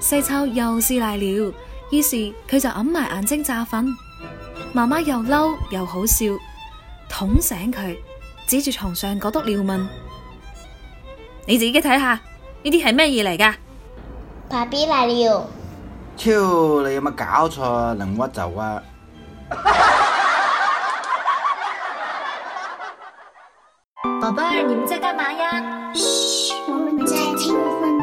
細秋又撕瀨了，於是佢就揞埋眼睛詐瞓。媽媽又嬲又好笑，捅醒佢，指住床上嗰督尿問：你自己睇下，呢啲係咩嘢嚟噶？爸 B 瀨尿。超，你有冇搞錯啊，能屈就屈！寶貝兒，你們在幹嗎呀？我們在聽。